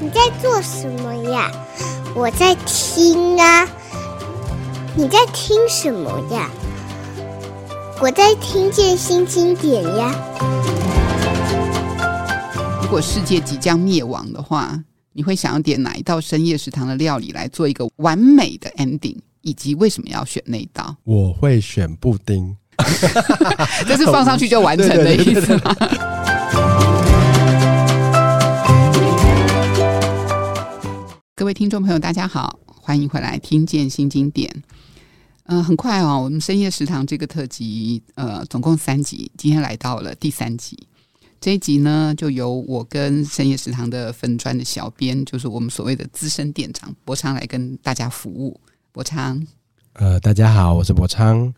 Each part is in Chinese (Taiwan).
你在做什麼呀？我在聽啊。你在聽什麼呀？我在聽《新經典》呀。如果世界即將滅亡的話，你會想要點哪一道深夜食堂的料理來做一個完美的 ending，以及為什麼要選那一道？我會選布丁。 這是放上去就完成的意思嗎？ 對對對對對對各位聽眾朋友，大家好，歡迎回來聽見新經典。嗯、呃，很快哦，我們深夜食堂這個特輯，呃，總共三集，今天來到了第三集。這一集呢，就由我跟深夜食堂的粉專的小編，就是我們所謂的資深店長博昌來跟大家服務。博昌，呃，大家好，我是博昌。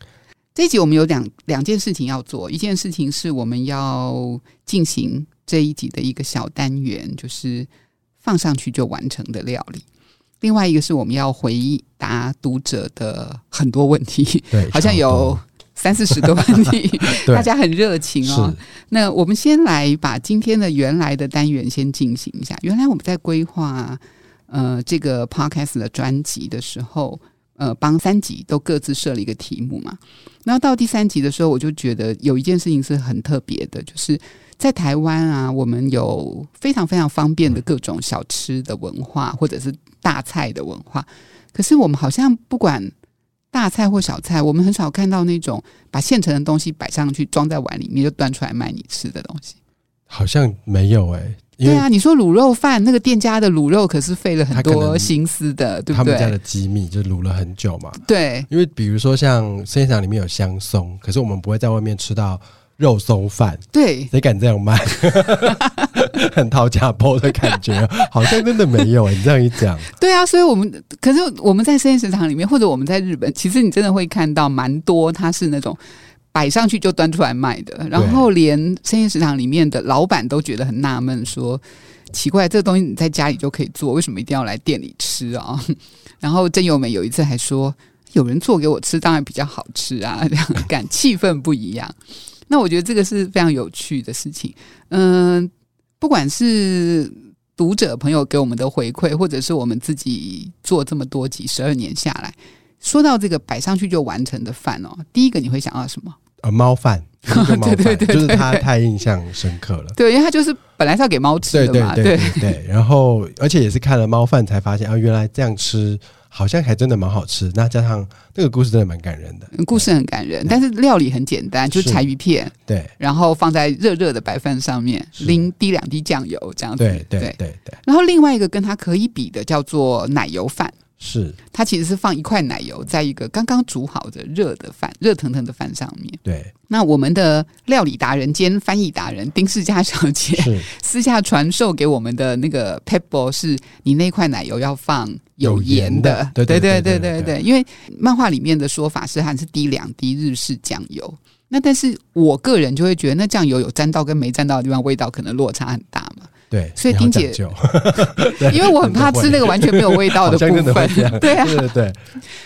這一集我們有兩兩件事情要做，一件事情是我們要進行這一集的一個小單元，就是。放上去就完成的料理，另外一個是我們要回答讀者的很多問題，對 好像有三四十個問題，好多 大家很熱情哦。那我們先來把今天的原來的單元先進行一下。原來我們在規劃呃這個 podcast 的專輯的時候。呃，幫三集都各自設了一個題目嘛。然後到第三集的時候，我就覺得有一件事情是很特別的，就是在台灣啊，我們有非常非常方便的各種小吃的文化，或者是大菜的文化。可是我們好像不管大菜或小菜，我們很少看到那種把現成的東西擺上去，裝在碗裡面就端出來賣你吃的東西。好像沒有欸。對啊，你說滷肉飯那個店家的滷肉可是費了很多心思的，對他，他們家的機密就滷了很久嘛。對，因為比如說像深夜食堂裡面有香鬆，可是我們不會在外面吃到肉鬆飯。對，誰敢這樣賣？ 很討價包的感覺， 好像真的沒有、欸。你這樣一講， 對啊，所以我們可是我們在深夜食堂裡面，或者我們在日本，其實你真的會看到蠻多，它是那種。擺上去就端出來賣的，然後連深夜食堂裡面的老板都覺得很納悶說，說對奇怪，這個東西你在家裡就可以做，為什麼一定要來店裡吃啊、哦？然後真由美有一次還說，有人做給我吃，當然比較好吃啊，這樣感氣氛不一樣。 那我覺得這個是非常有趣的事情。嗯、呃，不管是讀者朋友給我們的回饋，或者是我們自己做這麼多集，十二年下來。說到這個擺上去就完成的飯哦，第一個你會想到什麼？呃，貓飯，對對對，就是它太印象深刻了。對，因為它就是本來是要給貓吃的嘛，對對對對，然後，而且也是看了貓飯才發現啊，原來這樣吃好像還真的蠻好吃。那加上這個故事真的蠻感人的，故事很感人，但是料理很簡單，就是柴魚片，對，然後放在熱熱的白飯上面，淋滴兩滴醬油這樣子，對對對對。然後另外一個跟它可以比的叫做奶油飯。是，它其實是放一塊奶油在一個剛剛煮好的熱的飯、熱騰騰的飯上面。對，那我們的料理達人兼翻譯達人丁世佳小姐私下傳授給我們的那個 pepper 是你那塊奶油要放有鹽的有。對對對對對對，因為漫畫裡面的說法是還是滴兩滴日式醬油。那但是我個人就會覺得，那醬油有沾到跟沒沾到的地方，味道可能落差很大嘛。對，所以丁姐，因為我很怕吃那個完全沒有味道的部分， 對啊，對，對對。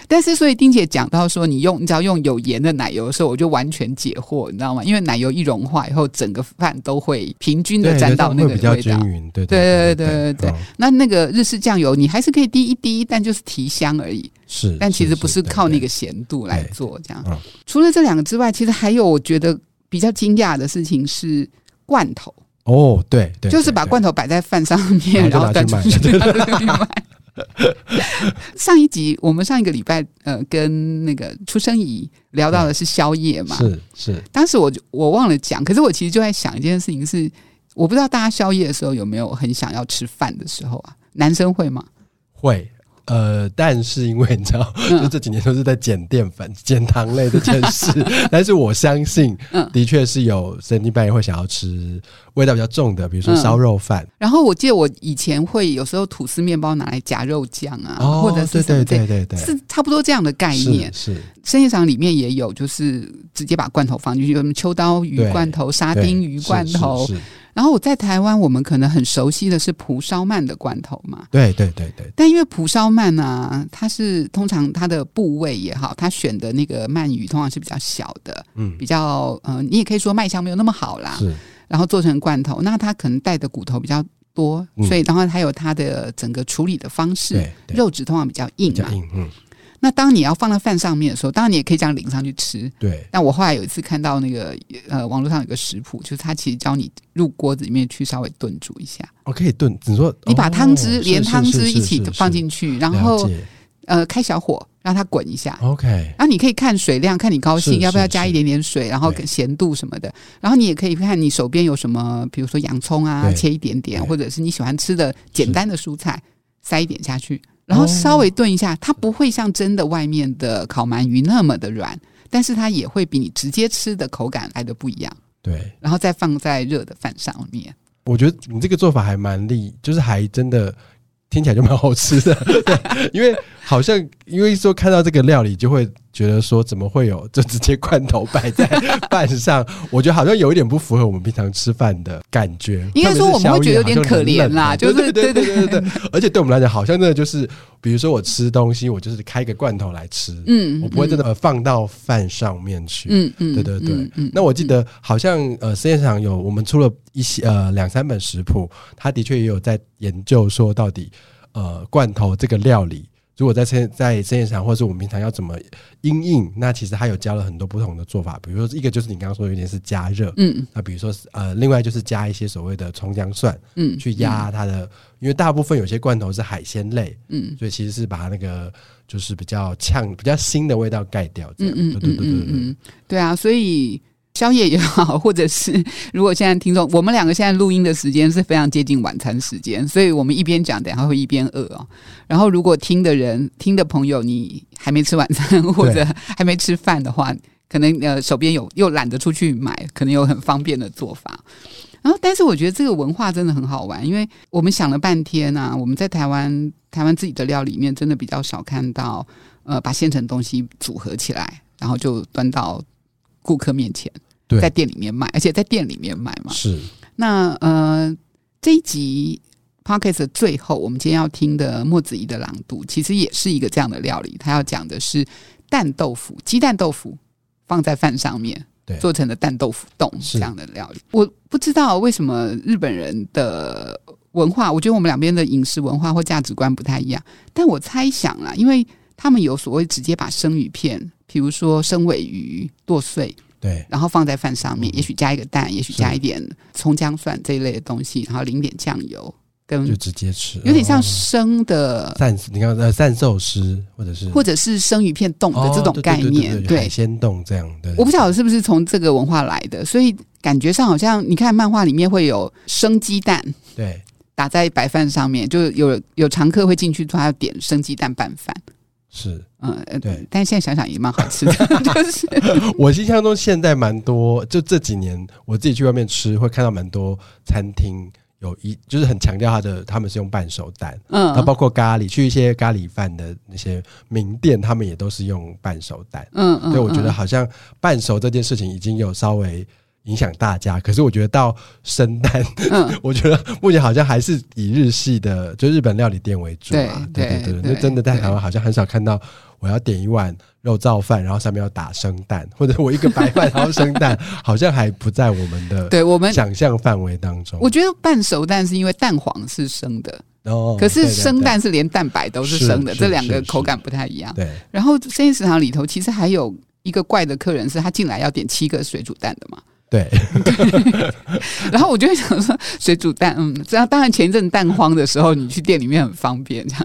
但是，所以丁姐講到說，你用，你只要用有鹽的奶油的時候，我就完全解惑，你知道嗎？因為奶油一融化以後，整個飯都會平均的沾到那個味道，對比較均勻，對對對對對對。那那個日式醬油，你還是可以滴一滴，但就是提香而已。是，但其實不是靠那個鹹度來做這樣。對對對，除了這兩個之外，其實還有我覺得比較驚訝的事情是罐頭。哦、oh，對對，對對對，就是把罐頭擺在飯上面，然後端出去。去對 上一集我們上一個禮拜呃跟那個出生儀聊到的是宵夜嘛，是是。是當時我就我忘了講，可是我其實就在想一件事情是，是我不知道大家宵夜的時候有沒有很想要吃飯的時候啊？男生會嗎？會。呃，但是因為你知道，嗯、就這幾年都是在減澱粉、減糖類這件事。 但是我相信，的確是有另、嗯、一半會想要吃味道比較重的，比如說燒肉飯、嗯。然後我記得我以前會有時候吐司麵包拿來夾肉醬啊，哦、或者是、這個、對，對，對對對，是差不多這樣的概念。是，是生意場裡面也有，就是直接把罐頭放進去，有什麼秋刀魚罐頭、對沙丁魚罐頭。然後我在台灣，我們可能很熟悉的是蒲燒鰻的罐頭嘛。對對對對。但因為蒲燒鰻呢，它是通常它的部位也好，它選的那個鰻魚通常是比較小的，嗯，比較呃，你也可以說賣相沒有那麼好啦。是 然後做成罐頭，那它可能帶的骨頭比較多，嗯、所以然後還有它的整個處理的方式，對對對，肉質通常比較硬嘛，硬嗯。那當你要放在飯上面的時候，當然你也可以這樣淋上去吃。對。那我後來有一次看到那個呃網絡上有個食譜，就是他其實教你入鍋子裡面去稍微燉煮一下。我可以燉，你說你把湯汁連湯汁一起放進去，然後呃開小火讓它滾一下。OK。然後你可以看水量，看你高興要不要加一點點水，然後鹹度什麼的。然後你也可以看你手邊有什麼，比如說洋蔥啊，切一點點，或者是你喜歡吃的簡單的蔬菜，塞一點下去。然後稍微燉一下，哦、它不會像真的外面的烤鰻魚那麼的軟，但是它也會比你直接吃的口感來的不一樣。對，然後再放在熱的飯上面。我覺得你這個做法還蠻厲，就是還真的聽起來就蠻好吃的， 因為。好像因為說看到這個料理，就會覺得說怎麼會有就直接罐頭擺在飯上？ 我覺得好像有一點不符合我們平常吃飯的感覺。應該因為 說我們會覺得有點可憐啦，就是對對對,對對對對。而且 對我們來講，好像真的就是，比如說我吃東西，我就是開個罐頭來吃，嗯，嗯我不會真的放到飯上面去，嗯嗯，嗯對對對。嗯嗯嗯、那我記得好像呃，實驗場有我們出了一些呃兩三本食譜，他的確也有在研究說到底呃罐頭這個料理。如果在生在生意場或是我們平常要怎麼因應，那其實它有教了很多不同的做法。比如說，一個就是你剛剛說有點是加熱，嗯，那比如說，是呃，另外就是加一些所謂的蔥薑蒜，嗯，去壓它的，嗯、因為大部分有些罐頭是海鮮類，嗯，所以其實是把它那個就是比較嗆、比較腥的味道蓋掉，這樣，嗯嗯嗯嗯，對啊，所以。宵夜也好，或者是如果現在聽眾，我們兩個現在錄音的時間是非常接近晚餐時間，所以我們一邊講，等下會一邊餓哦。然後，如果聽的人、聽的朋友，你還沒吃晚餐或者還沒吃飯的話，對可能呃手邊有，又懶得出去買，可能有很方便的做法。然後，但是我覺得這個文化真的很好玩，因為我們想了半天啊，我們在台灣台灣自己的料理面，真的比較少看到，呃，把現成東西組合起來，然後就端到顧客面前。對在店裡面賣，而且在店裡面賣嘛。是那呃，這一集 podcast 最後，我們今天要聽的莫子儀的朗讀，其實也是一個這樣的料理。他要講的是蛋豆腐，雞蛋豆腐放在飯上面，對做成的蛋豆腐丼這樣的料理。是我不知道為什麼日本人的文化，我覺得我們兩邊的飲食文化或價值觀不太一樣，但我猜想啊，因為他們有所謂直接把生魚片，比如說生鮪魚剁碎。對，然後放在飯上面，也許加一個蛋，也許加一點蔥薑蒜這一類的東西，然後淋點醬油，跟就直接吃，呃、有點像生的壽你看呃，壽司或者是或者是生魚片凍的這種概念，哦、對，對，對，對，對，對鮮凍這樣的。我不曉得是不是從這個文化來的，所以感覺上好像你看漫畫裡面會有生雞蛋，對，打在白飯上面，就有有常客會進去，他要點生雞蛋拌飯。是，嗯，對，但是現在想想也蠻好吃的。 就是我印象中現在蠻多，就這幾年我自己去外面吃，會看到蠻多餐廳有一，就是很強調他的，他們是用半熟蛋。嗯，那包括咖喱，去一些咖喱飯的那些名店，他們也都是用半熟蛋。嗯，嗯嗯，所以我覺得好像半熟這件事情已經有稍微。影響大家，可是我覺得到生蛋，嗯、 我覺得目前好像還是以日系的，就日本料理店為主嘛、啊。對，對對對，那對真的在台灣好像很少看到，我要點一碗肉燥飯，對然後上面要打生蛋，或者我一個白飯然後生蛋， 好像還不在我們的想當中，對我們想象範圍當中。我覺得半熟蛋是因為蛋黃是生的，哦、可是生蛋是連蛋白都是生的，對對對對這兩個口感不太一樣。對，然後生意食堂裡頭其實還有一個怪的客人，是他進來要點七個水煮蛋的嘛。對， 然後我就會想說水煮蛋，嗯，這樣當然前一陣蛋荒的時候，你去店裡面很方便，這樣，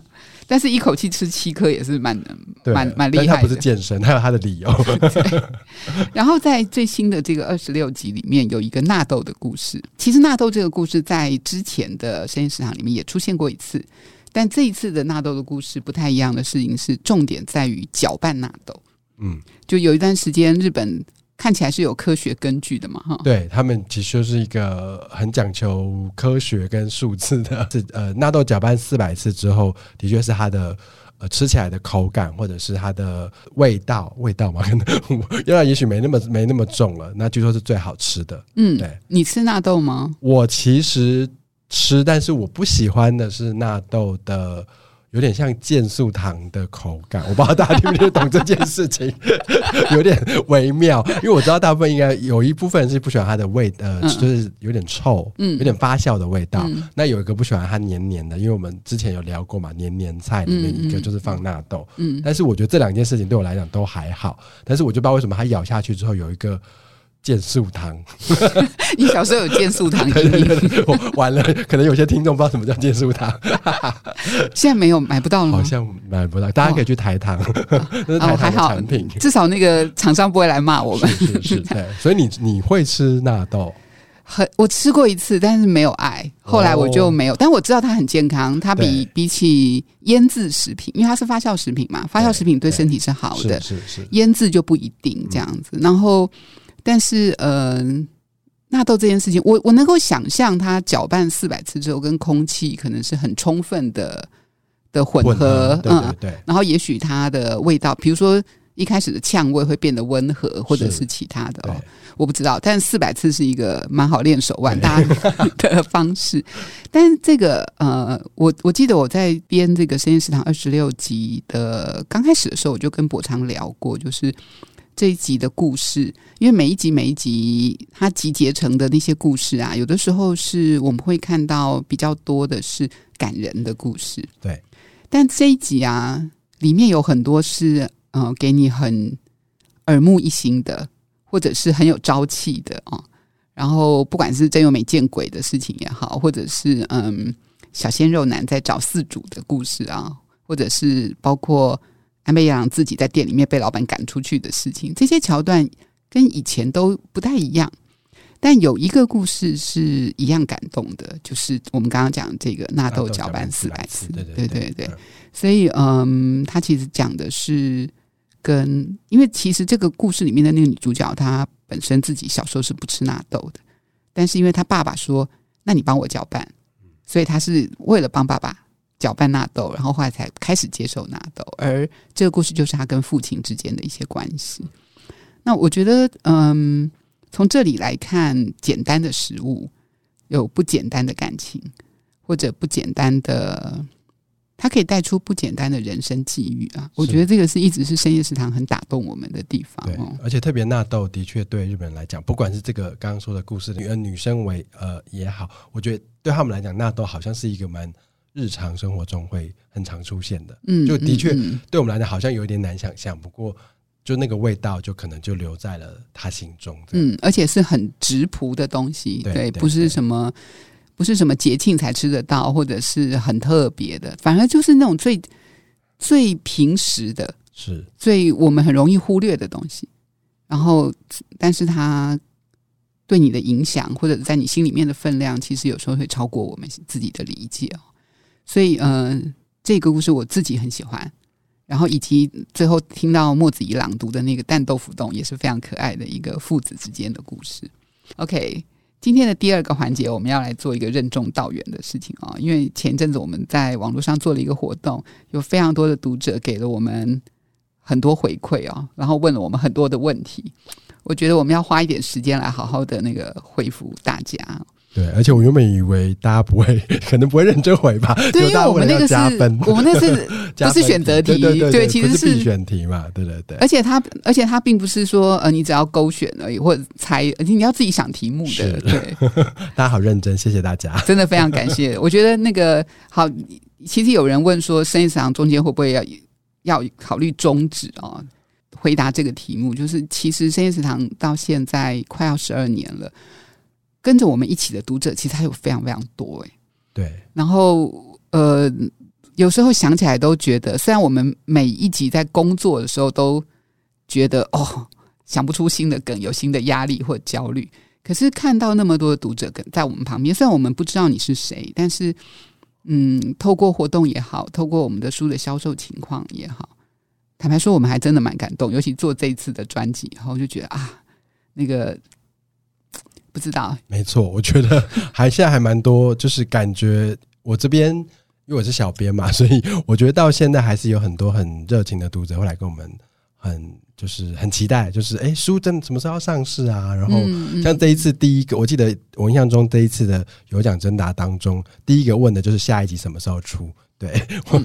但是一口氣吃七顆也是蠻蠻蠻厲害。他不是健身，還有他的理由 。然後在最新的這個二十六集裡面，有一個納豆的故事。其實納豆這個故事在之前的深夜食堂裡面也出現過一次，但這一次的納豆的故事不太一樣的事情是，重點在於攪拌納豆。嗯，就有一段時間日本。看起來是有科學根據的嘛？哈，對他們其實就是一個很講求科學跟數字的。是呃，納豆攪拌四百次之後，的確是它的呃吃起來的口感或者是它的味道，味道嘛可能因為也許沒那麼沒那麼重了。那據說是最好吃的。嗯，對，你吃納豆嗎？我其實吃，但是我不喜歡的是納豆的。有點像健素糖的口感，我不知道大家聽不聽懂這件事情， 有點微妙。因為我知道大部分應該有一部分是不喜歡它的味，呃，嗯、就是有點臭，有點發酵的味道。嗯、那有一個不喜歡它黏黏的，因為我們之前有聊過嘛，黏黏菜裡面一個就是放納豆，嗯嗯，但是我覺得這兩件事情對我來講都還好，但是我就不知道為什麼它咬下去之後有一個。健素糖， 你小時候有健素糖？完了，可能有些聽眾不知道什麼叫健素糖。 現在沒有買不到了嗎，好像買不到。大家可以去台糖，哦，台糖的產品。哦還好，至少那個廠商不會來罵我們。是是是，對。所以你你會吃納豆？很，我吃過一次，但是沒有愛。後來我就沒有，但我知道它很健康。它比對比起醃製食品，因為它是發酵食品嘛，發酵食品對身體是好的。對對是是是，醃製就不一定這樣子。嗯、然後。但是，嗯、呃，納豆這件事情，我我能夠想象，它攪拌四百次之後，跟空氣可能是很充分的的混合，混合嗯，對,對。然後，也許它的味道，比如說一開始的嗆味會變得溫和，或者是其他的、哦，我不知道。但四百次是一個蠻好練手腕的對 方式。但這個，呃，我我記得我在編這個深夜食堂二十六集的剛開始的時候，我就跟博昌聊過，就是。這一集的故事，因為每一集每一集它集結成的那些故事啊，有的時候是我們會看到比較多的是感人的故事。對，但這一集啊，裡面有很多是嗯、呃，給你很耳目一新的，或者是很有朝氣的啊、哦。然後，不管是真有沒見鬼的事情也好，或者是嗯，小鮮肉男在找飼主的故事啊，或者是包括。.安倍夜郎自己在店裡面被老闆趕出去的事情，這些橋段跟以前都不太一樣。但有一個故事是一樣感動的，就是我們剛剛講這個納豆攪拌，拌四百次，對對對。對對對，所以，嗯，他其實講的是跟，因為其實這個故事裡面的那個女主角，她本身自己小時候是不吃納豆的，但是因為她爸爸說，那你幫我攪拌，所以她是為了幫爸爸。攪拌納豆，然後後來才開始接受納豆，而這個故事就是他跟父親之間的一些關係。那我覺得，嗯，從這裡來看，簡單的食物有不簡單的感情，或者不簡單的，它可以帶出不簡單的人生際遇啊。是我覺得這個是一直是深夜食堂很打動我們的地方哦。對，而且特別納豆的確對日本人來講，不管是這個剛剛說的故事，女女生為呃也好，我覺得對他們來講，納豆好像是一個蠻。日常生活中會很常出現的，嗯，就的確對我們來講好像有一點難想象。嗯嗯、不過，就那個味道，就可能就留在了他心中。嗯，而且是很質樸的東西，對，對不是什麼對不是什麼節慶才吃得到，或者是很特別的，反而就是那種最最平時的，是，最我們很容易忽略的東西。然後，但是他對你的影響，或者在你心裡面的分量，其實有時候會超過我們自己的理解哦。所以，嗯、呃，這個故事我自己很喜歡，然後以及最後聽到莫子儀朗讀的那個《蛋豆腐丼》，也是非常可愛的一個父子之間的故事。OK，今天的第二個環節，我們要來做一個任重道遠的事情啊、哦，因為前陣子我們在網絡上做了一個活動，有非常多的讀者給了我們很多回饋哦，然後問了我們很多的問題，我覺得我們要花一點時間來好好的那個回覆大家。對，而且我原本以為大家不會，可能不會認真回吧？對， 有大家因為我們那個是，我們那個是，不是選擇題，題對對，對，對其實是，是選題嘛，對對對。而且它，而且它並不是說，呃，你只要勾選而已，或者猜，你要自己想題目的。是對呵呵，大家好認真，謝謝大家，真的非常感謝。我覺得那個好，其實有人問說，深夜食堂中間會不會要要考慮終止啊、哦？回答這個題目，就是其實深夜食堂到現在快要十二年了。跟着我們一起的讀者，其實還有非常非常多誒、欸，對。然後呃，有時候想起來都覺得，雖然我們每一集在工作的時候都覺得哦，想不出新的梗，有新的壓力或焦慮，可是看到那麼多讀者跟在我們旁邊，雖然我們不知道你是誰，但是嗯，透過活動也好，透過我們的書的銷售情況也好，坦白說，我們還真的蠻感動。尤其做這一次的專輯，然後就覺得啊，那個。不知道，沒錯，我覺得還現在還蠻多， 就是感覺我這邊，因為我是小編嘛，所以我覺得到現在還是有很多很熱情的讀者會來跟我們。很就是很期待，就是誒、欸，書真的什麼時候要上市啊？然後像這一次第一個，我記得我印象中這一次的有獎徵答當中，第一個問的就是下一集什麼時候出？對，嗯、我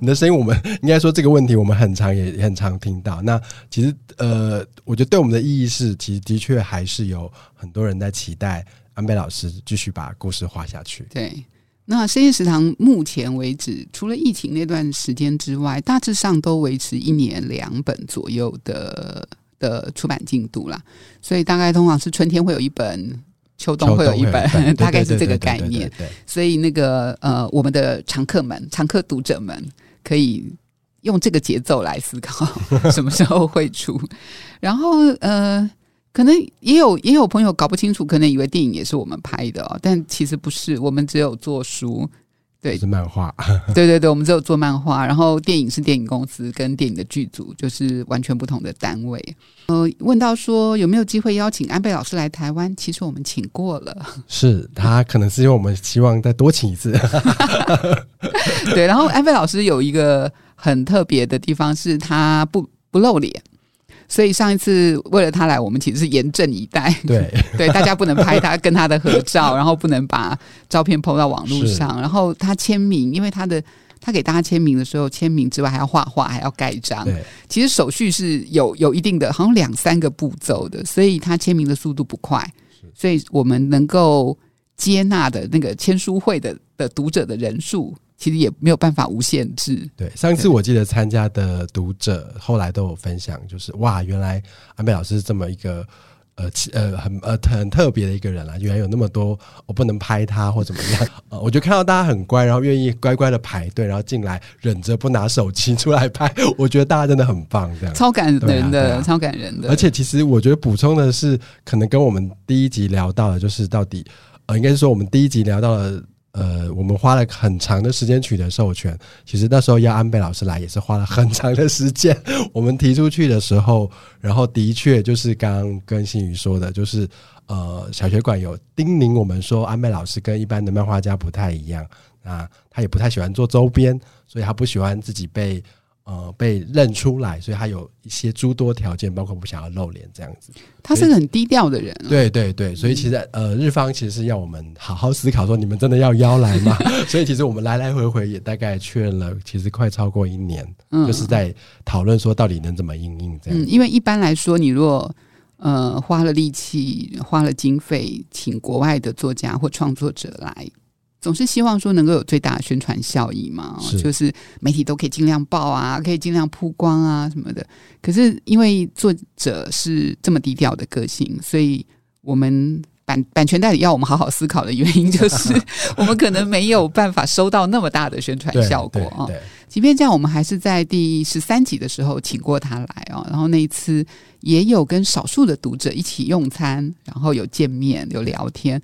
你的聲音，我們應該說這個問題我們很常也，也很常聽到。那其實呃，我覺得對我們的意義是，其實的確還是有很多人在期待安倍老師繼續把故事畫下去。對。那《深夜食堂》目前為止，除了疫情那段時間之外，大致上都維持一年兩本左右的的出版進度啦。所以大概通常是春天會有一本，秋冬會有一本，大、 大概是這個概念。所以那個呃，我們的常客們、常客讀者們可以用這個節奏來思考什麼時候會出。 然後呃。可能也有也有朋友搞不清楚，可能以為電影也是我們拍的哦，但其實不是，我們只有做書，對，就是漫畫， 對對對，我們只有做漫畫，然後電影是電影公司跟電影的劇組，就是完全不同的單位。呃，問到說有沒有機會邀請安倍老師來台灣，其實我們請過了，是他可能是因為我們希望再多請一次， 對，然後安倍老師有一個很特別的地方，是他不不露臉。所以上一次為了他來，我們其實是嚴陣以待。對 對，大家不能拍他跟他的合照， 然後不能把照片 PO 到網絡上。是 然後他簽名，因為他的他給大家簽名的時候，簽名之外還要畫畫，還要蓋章。對，其實手續是有有一定的，好像兩三個步驟的，所以他簽名的速度不快。所以我們能夠接納的那個簽書會的的讀者的人數。其實也沒有辦法無限制。對，上次我記得參加的讀者對後來都有分享，就是哇，原來安倍老師是這麼一個呃其呃很呃很特別的一個人啦、啊。原來有那麼多我不能拍他或怎麼樣啊、 呃，我就看到大家很乖，然後願意乖乖的排隊，然後進來忍着不拿手機出來拍。我覺得大家真的很棒，這樣超感人的，對啊對啊超感人的。而且其實我覺得補充的是，可能跟我們第一集聊到的，就是到底呃，應該是說我們第一集聊到的。呃，我們花了很長的時間取得授權。其實那時候要安倍老師來也是花了很長的時間。我們提出去的時候，然後的確就是剛剛跟新宇說的，就是呃，小學館有叮嚀我們說，安倍老師跟一般的漫畫家不太一樣啊，他也不太喜歡做周邊，所以他不喜歡自己被。呃，被認出來，所以他有一些諸多條件，包括不想要露臉這樣子。他是個很低調的人，啊。對對對，所以其實、嗯、呃，日方其實要我們好好思考，說你們真的要邀來嗎？ 所以其實我們來來回回也大概確認了，其實快超過一年，嗯，就是在討論說到底能怎麼應應這樣，嗯。因為一般來說，你若呃花了力氣、花了經費，請國外的作家或創作者來。總是希望說能夠有最大的宣傳效益嘛，是，就是媒體都可以盡量報啊，可以盡量曝光啊什麼的。可是因為作者是這麼低調的個性，所以我們版版權代理要我們好好思考的原因，就是 我們可能沒有辦法收到那麼大的宣傳效果啊。 對對對，即便這樣，我們還是在第十三集的時候請過他來哦，然後那一次也有跟少數的讀者一起用餐，然後有見面，有聊天。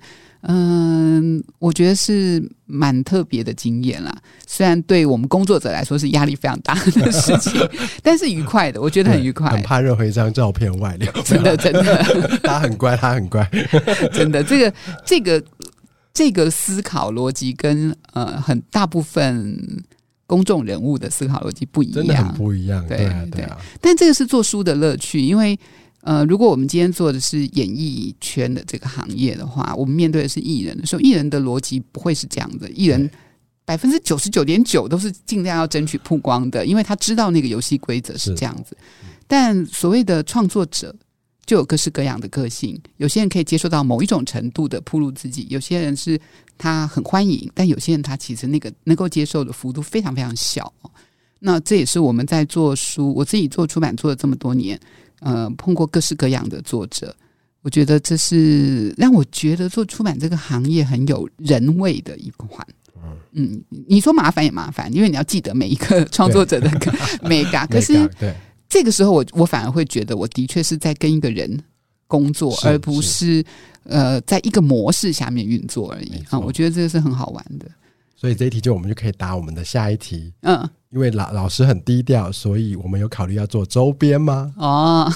嗯，我覺得是蠻特別的經驗啦。雖然對我們工作者來說是壓力非常大的事情， 但是愉快的，我覺得很愉快。很怕任何一張照片外流。真的，真的， 他很乖，他很乖。 真的，這個這個這個思考邏輯跟呃，很大部分公眾人物的思考邏輯不一樣，真的很不一樣。對，對啊，對啊，對。但這個是做書的樂趣，因為。呃，如果我們今天做的是演藝圈的這個行業的話，我們面對的是藝人的時候，藝人的邏輯不會是這樣的。藝人百分之九十九點九都是盡量要爭取曝光的，因為他知道那個遊戲規則是這樣子。是但所謂的創作者就有各式各樣的個性，有些人可以接受到某一種程度的披露自己，有些人是他很歡迎，但有些人他其實那個能夠接受的幅度非常非常小。那這也是我們在做書，我自己做出版做了這麼多年。呃，碰過各式各樣的作者，我覺得這是讓我覺得做出版這個行業很有人味的一環。嗯，嗯，你說麻煩也麻煩，因為你要記得每一個創作者的眉角對， 可是，這個時候我，我我反而會覺得，我的確是在跟一個人工作，而不是呃，在一個模式下面運作而已錯啊。我覺得這個是很好玩的。所以這一題就我們就可以答我們的下一題。嗯，因為老老師很低調，所以我們有考慮要做周邊嗎？哦，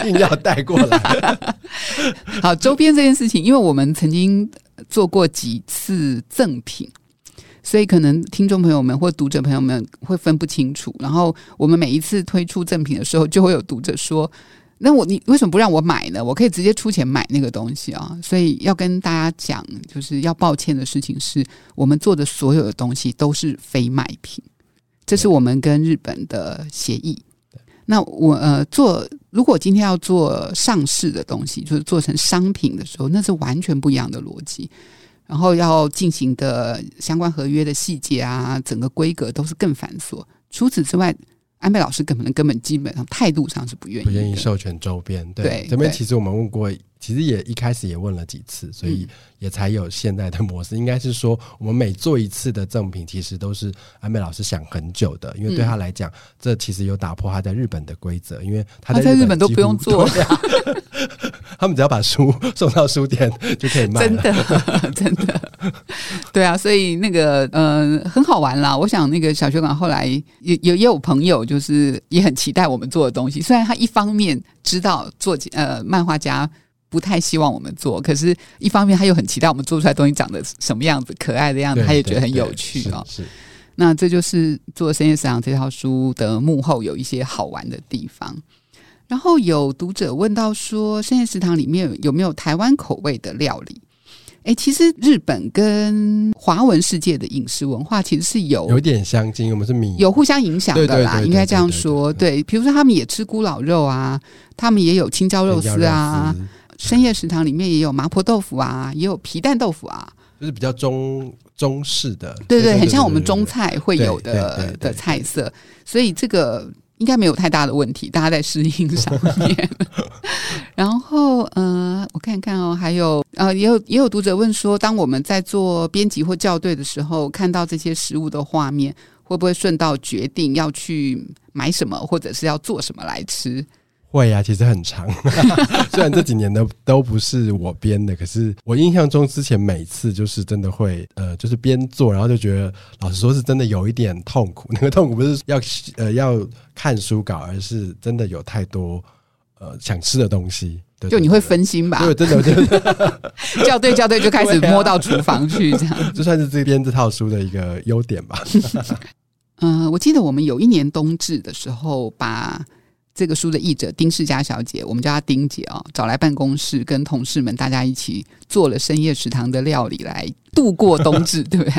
一定要帶過來。 好，周邊這件事情，因為我們曾經做過幾次贈品，所以可能聽眾朋友們或讀者朋友們會分不清楚。然後我們每一次推出贈品的時候，就會有讀者說。那我，你為什麼不讓我買呢？我可以直接出錢買那個東西啊、哦！所以要跟大家講，就是要抱歉的事情是我們做的所有的東西都是非賣品，這是我們跟日本的協議。那我呃做，如果我今天要做上市的東西，就是做成商品的時候，那是完全不一樣的邏輯。然後要進行的相關合約的細節啊，整個規格都是更繁瑣。除此之外。安倍老師根本根本基本上態度上是不願意，不願意授權週邊。對，對，對，這邊其實我們問過，其實也一開始也問了幾次，所以也才有現在的模式。嗯、應該是說，我們每做一次的贈品，其實都是安倍老師想很久的，因為對他來講，嗯、這其實有打破他在日本的規則，因為他在日、啊、在日本都不用做，啊、 他們只要把書送到書店就可以賣了，真的真的。真的 對啊，所以那個嗯、呃、很好玩啦。我想那個小學館後來也也也有朋友，就是也很期待我們做的東西。雖然他一方面知道作呃漫畫家不太希望我們做，可是一方面他又很期待我們做出來的東西長得什麼樣子，可愛的樣子，對對對，他也覺得很有趣哦。對對對是，是，那這就是做深夜食堂這套書的幕後有一些好玩的地方。然後有讀者問到說，深夜食堂裡面有沒有台灣口味的料理？誒、欸，其實日本跟華文世界的飲食文化其實是有有點相近，我們是米有互相影響的啦，應該這樣說。對，比如說他們也吃咕咾肉啊，他們也有青椒肉絲啊，深夜食堂裡面也有麻婆豆腐啊，也有皮蛋豆腐啊，就是比較中中式的，對，對對，很像我們中菜會有的的菜色，所以這個。應該沒有太大的問題，大家在適應上面。 然後，呃，我看看哦，還有，呃，也有也有讀者問說，當我們在做編輯或校對的時候，看到這些食物的畫面，會不會順道決定要去買什麼，或者是要做什麼來吃？會呀、啊，其實很長。 雖然這幾年都不是我編的， 可是我印象中之前每次就是真的會呃，就是邊做，然後就覺得老實說是真的有一點痛苦。那個痛苦不是要呃要看書稿，而是真的有太多呃想吃的東西。對對對對，就你會分心吧？ 對，真的就是校對校對就開始摸到廚房去這樣。 就算是這邊這套書的一個優點吧。嗯 、呃，我記得我們有一年冬至的時候把這個書的譯者丁世佳小姐，我們叫她丁姐啊、哦，找來辦公室跟同事們大家一起做了深夜食堂的料理來度過冬至， 對不對？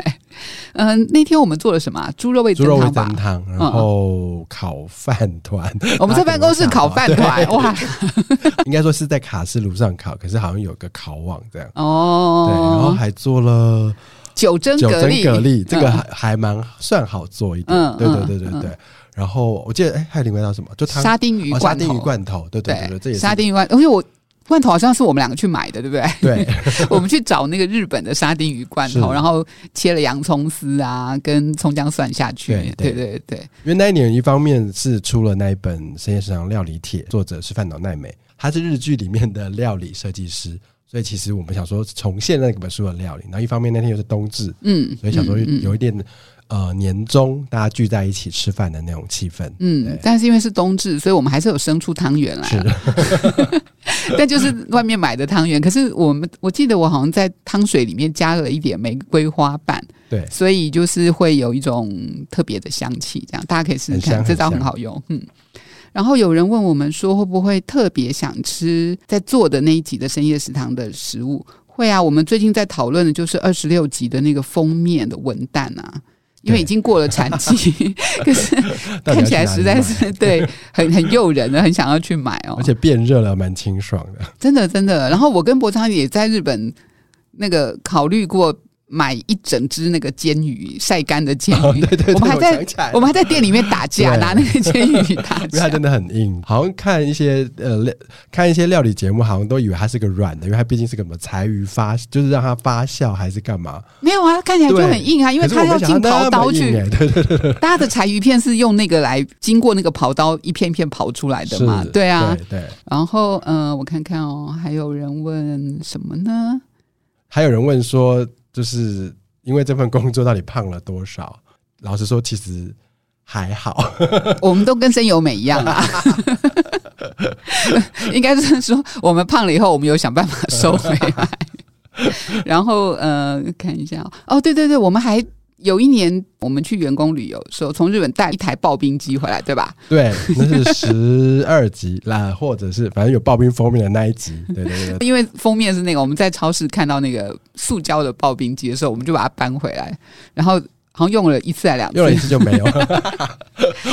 嗯，那天我們做了什麼？豬肉味噌湯,豬肉湯然後烤飯糰。我們、嗯嗯哦、在辦公室烤飯糰，對哇， 應該說是在卡式爐上烤，可是好像有個烤網這樣。哦，對，然後還做了酒蒸蛤蜊，蛤蜊，嗯、這個還還蠻算好做一點。嗯、對,對對對對對。嗯然後我記得，哎，還有另外一道什麼？就沙丁魚罐頭，沙丁魚罐頭，對對對，沙丁魚罐。而且我罐頭好像是我們兩個去買的，對不對？對，我們去找那個日本的沙丁魚罐頭，然後切了洋蔥絲啊，跟蔥薑蒜下去，對對對。因為那一年一方面是出了那一本《深夜食堂》料理帖，作者是飯島奈美，她是日劇裡面的料理設計師，所以其實我們想說重現那本書的料理。然後一方面那天又是冬至，嗯，所以想說有一點。呃，年終大家聚在一起吃飯的那種氣氛，嗯，但是因為是冬至，所以我們還是有生出湯圓來。是， 但就是外面買的湯圓，可是我們我記得我好像在湯水裡面加了一點玫瑰花瓣，對，所以就是會有一種特別的香氣，這樣大家可以試試看，很香很香這招很好用，嗯。然後有人問我們說，會不會特別想吃在做的那一集的深夜食堂的食物？會啊，我們最近在討論的就是二十六集的那個封面的文旦啊。因為已經過了產期，對 可是看起來實在是、啊、對很很誘人的，很想要去買哦，而且變熱了，蠻清爽的，真的真的。然後我跟博昌也在日本那個考慮過。買一整隻那個鰹魚，曬乾的鰹魚，哦、對對對，我們還在我，我們還在店裡面打架，對拿那個鰹魚打架，因為它真的很硬。好像看一些呃料，看一些料理節目，好像都以為它是個軟的，因為它畢竟是個什麼柴魚發，就是讓它發酵還是幹嘛？沒有啊，看起來就很硬啊，對因為它要進刨刀去。對對對，大家的柴魚片是用那個來經過那個刨刀一片一片刨出來的嘛？是對啊，對，對，對。然後嗯、呃，我看看哦，還有人問什麼呢？還有人問說。就是因為這份工作到底胖了多少？老實說，其實還好。我們都跟真由美一樣啊， 應該是說我們胖了以後，我們有想辦法瘦回來。 然後呃，看一下哦，哦，對對對，我們還。有一年，我們去員工旅遊的時候，從日本帶一台刨冰機回來，對吧？對，那是十二集啦， 或者是反正有刨冰封面的那一集。對對對，對，因為封面是那個，我們在超市看到那個塑膠的刨冰機的時候，我們就把它搬回來，然後好像用了一次還是兩次，用了一次就沒有了。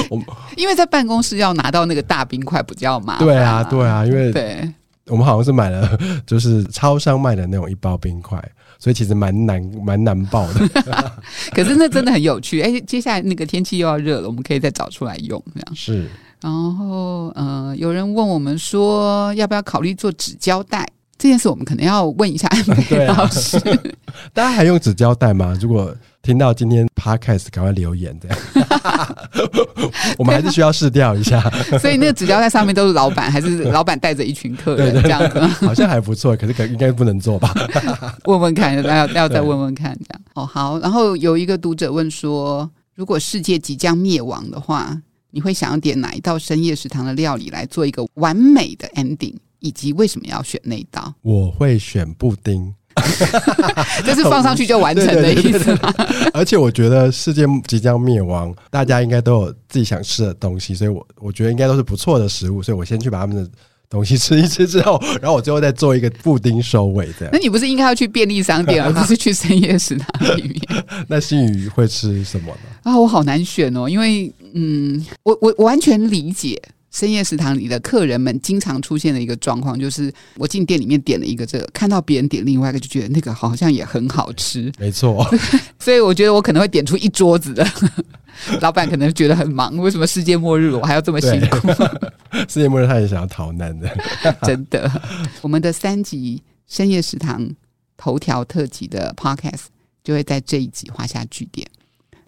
我因為在辦公室要拿到那個大冰塊不叫嘛？對啊，對啊，因為對，我們好像是買了，就是超商賣的那種一包冰塊。所以其實蠻難蠻難報的， 可是那真的很有趣。哎、、 欸，接下來那個天氣又要熱了，我們可以再找出來用，這樣。是。然後嗯、呃，有人問我們說，要不要考慮做紙膠帶？這件事我們可能要問一下安倍對老師、嗯對啊，呵呵，大家還用紙膠帶嗎？如果聽到今天 Podcast，趕快留言這樣。這 我們還是需要試掉一下。啊、所以那個紙膠帶上面都是老闆，還是老闆帶着一群客人這樣子？對對對對，好像還不錯。可是可應該不能做吧？ 問問看，要要再問問看。這樣哦，對 oh, 好。然後有一個讀者問說，如果世界即將滅亡的話，你會想要點哪一道深夜食堂的料理來做一個完美的 ending？以及為什麼要選那一道？我會選布丁，就 是放上去就完成的意思嗎。 對對對對對而且我覺得世界即將滅亡，大家應該都有自己想吃的東西，所以我我覺得應該都是不錯的食物，所以我先去把他們的東西吃一吃，之後，然後我最後再做一個布丁收尾。這樣，那你不是應該要去便利商店，而不是去深夜食堂裡面？ 那新宇會吃什麼呢？啊，我好難選哦，因為嗯，我我,我完全理解。深夜食堂裡的客人們經常出現的一個狀況，就是我進店裡面點了一個這個，看到別人點另外一個，就覺得那個好像也很好吃。沒錯， 所以我覺得我可能會點出一桌子的。 老闆可能覺得很忙，為什麼世界末日我還要這麼辛苦？對 世界末日他也想要逃難的， 真的。我們的三集深夜食堂頭條特輯的 podcast 就會在這一集畫下句點。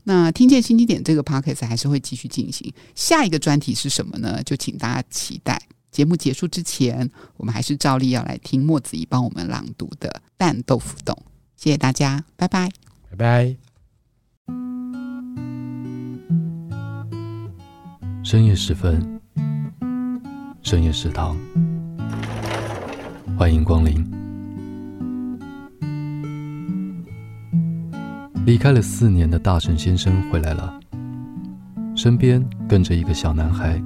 那聽見新經典這個 podcast 還是會繼續進行，下一個專題是什麼呢？就請大家期待。節目結束之前，我們還是照例要來聽莫子儀幫我們朗讀的《蛋豆腐丼》，謝謝大家，拜拜，拜拜。深夜時分，深夜食堂，歡迎光臨。離開了四年的大神先生回來了，身邊跟着一個小男孩。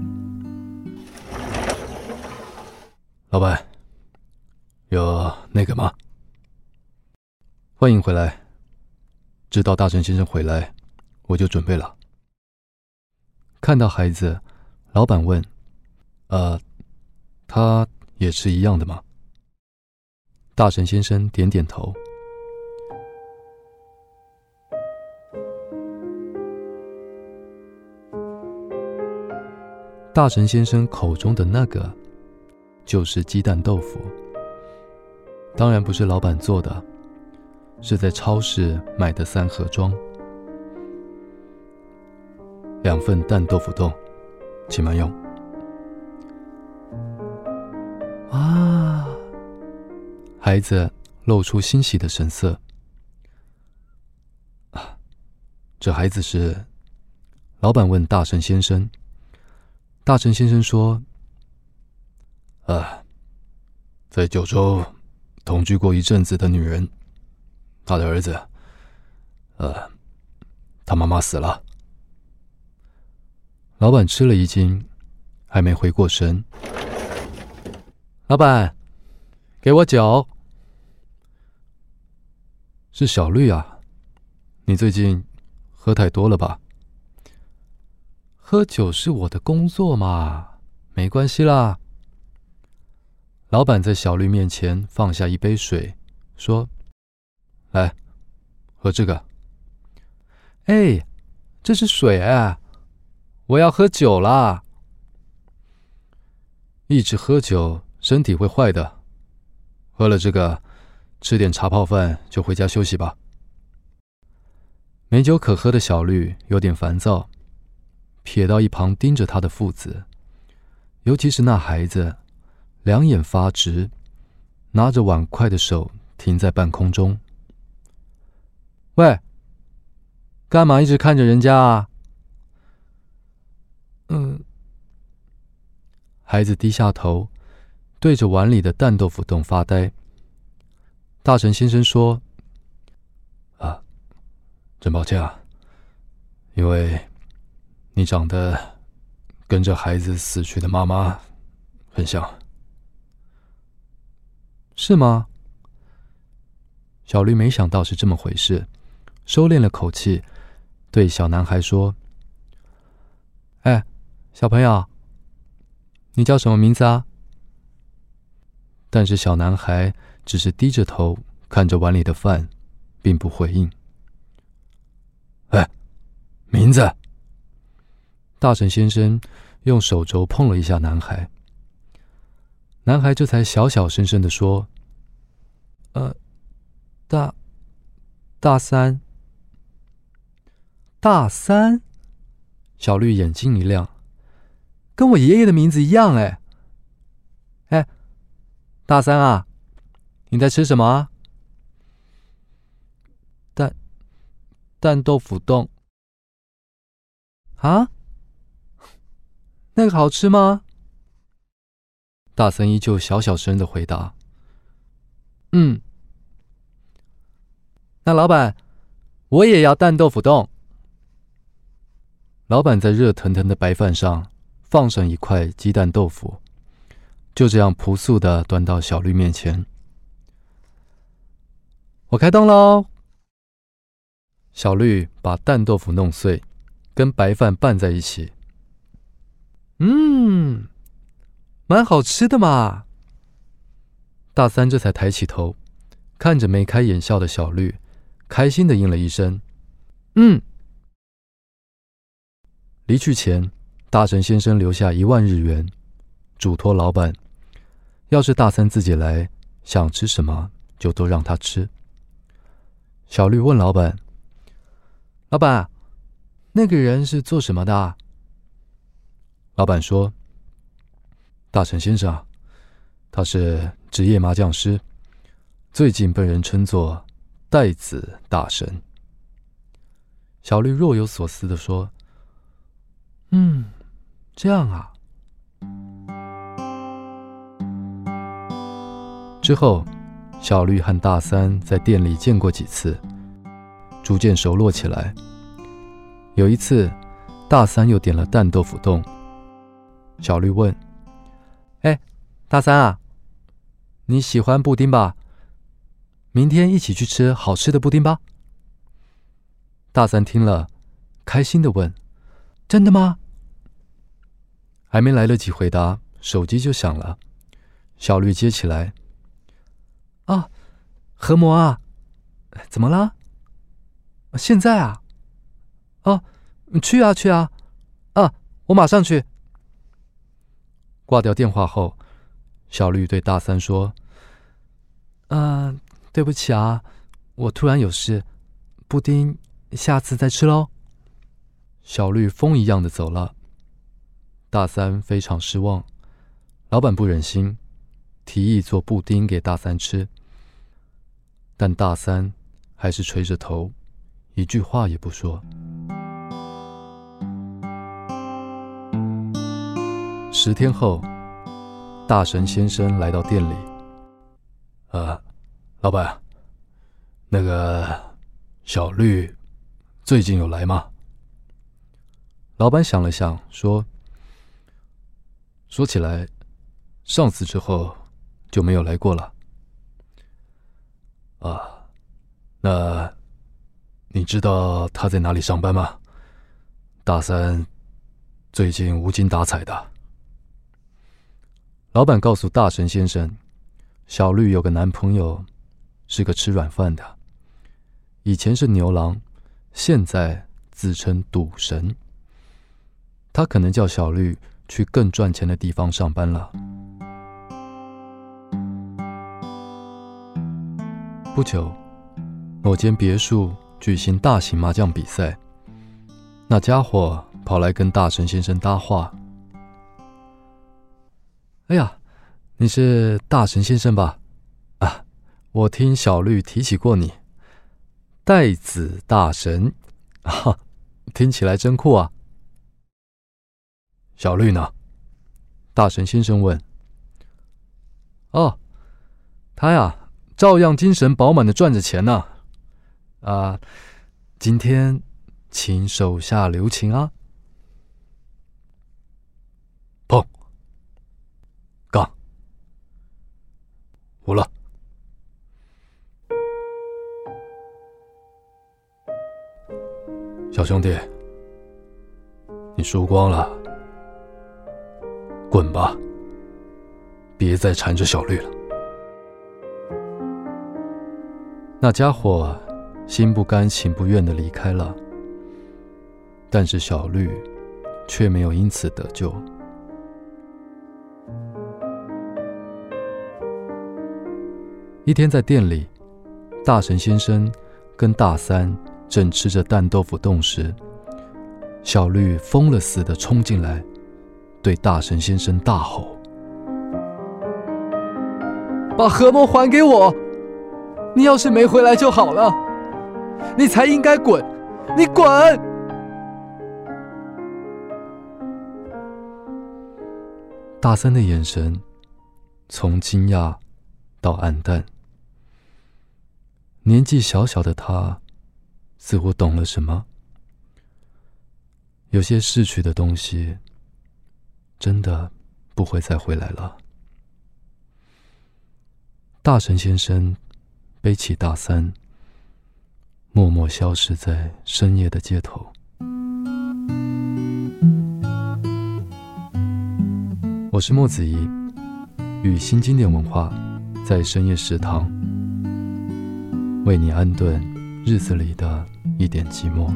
老板，有那個嗎？歡迎回來。知道大神先生回來，我就準備了。看到孩子，老板問：“呃，他也是一樣的嗎？”大神先生點點頭。大神先生口中的那個，就是雞蛋豆腐。當然不是老闆做的，是在超市買的三盒裝。兩份蛋豆腐丼，請慢用。哇、啊！孩子露出欣喜的神色。啊，這孩子是……老闆問大神先生。大臣先生說：“啊，在九州同居過一陣子的女人，他的兒子，呃、啊，他媽媽死了。”老闆吃了一驚，還沒回過神。老闆，給我酒。是小綠啊，你最近喝太多了吧？喝酒是我的工作嘛，沒關係啦。老闆在小綠面前放下一杯水，說：“來，喝這個。”哎，這是水啊，我要喝酒啦！一直喝酒身體會壞的。喝了這個，吃點茶泡飯就回家休息吧。沒酒可喝的小綠有點煩躁。撇到一旁盯着他的父子，尤其是那孩子，兩眼發直，拿着碗筷的手停在半空中。喂，幹嘛一直看着人家啊？嗯。孩子低下頭，對着碗裡的蛋豆腐丼發呆。大臣先生說：“啊，真抱歉啊，因為……”你長得，跟這孩子死去的媽媽很像。啊，是嗎？小綠沒想到是這麼回事，收斂了口氣，對小男孩說：“哎，小朋友，你叫什麼名字啊？”但是小男孩只是低着頭看着碗裡的飯，並不回應。哎，名字。大神先生用手肘碰了一下男孩，男孩這才小小聲聲的說：“呃，大，大三，大三。”小綠眼睛一亮，跟我爺爺的名字一樣哎！哎，大三啊，你在吃什麼啊？蛋，蛋豆腐丼。啊？那個好吃嗎？大森依舊小小聲的回答：“嗯。”那老闆，我也要蛋豆腐丼。老闆在熱騰騰的白飯上放上一塊雞蛋豆腐，就這樣樸素的端到小綠面前。我開動嘍！小綠把蛋豆腐弄碎，跟白飯拌在一起。嗯，蠻好吃的嘛。大三這才抬起頭，看着眉開眼笑的小綠，開心的應了一聲：“嗯。”離去前，大神先生留下一萬日元，囑託老闆：“要是大三自己來，想吃什麼就都讓他吃。”小綠問老闆：“老闆，那個人是做什麼的？”老闆說：“大神先生啊，他是職業麻將師，最近被人稱作‘帶子大神’。”小綠若有所思的說：“嗯，這樣啊。”之後，小綠和大三在店裡見過幾次，逐漸熟絡起來。有一次，大三又點了蛋豆腐丼。小綠問：“哎，大三啊，你喜歡布丁吧？明天一起去吃好吃的布丁吧。”大三聽了，開心的問：“真的嗎？”還沒來得及回答，手機就響了。小綠接起來：“啊，何魔啊，怎麼了？現在啊？啊，你去啊去啊，啊，我馬上去。”掛掉電話後，小綠對大三說：“啊，對不起啊，我突然有事，布丁下次再吃嘍。”小綠風一樣的走了。大三非常失望，老闆不忍心，提議做布丁給大三吃，但大三還是垂着頭，一句話也不說。十天後，大神先生來到店裡。啊，老闆，那個小綠最近有來嗎？老闆想了想，說：“說起來，上次之後就沒有來過了。啊，那你知道他在哪裡上班嗎？大三最近無精打采的。”老闆告訴大神先生：“小綠有個男朋友，是個吃軟飯的。以前是牛郎，現在自稱賭神。他可能叫小綠去更賺錢的地方上班了。”不久，某間別墅舉行大型麻將比賽，那家伙跑來跟大神先生搭話。哎呀，你是大神先生吧？啊，我聽小綠提起過你，帶子大神，哈，啊，聽起來真酷啊！小綠呢？大神先生問。哦，他呀，照樣精神飽滿的賺着錢呢，啊。啊，今天，請手下留情啊！砰。胡了，小兄弟，你輸光了，滾吧，別再纏着小綠了。那家伙心不甘情不願的離開了，但是小綠卻沒有因此得救。一天在店裡，大神先生跟大三正吃着蛋豆腐丼時，小綠瘋了似的衝進來，對大神先生大吼：“把何夢還給我！你要是沒回來就好了，你才應該滾！你滾！”大三的眼神從驚訝到黯淡。年紀小小的他，似乎懂了什麼。有些逝去的東西，真的不會再回來了。大神先生背起大三，默默消失在深夜的街頭。我是莫子儀，與新經典文化在深夜食堂。為你安頓日子裡的一點寂寞。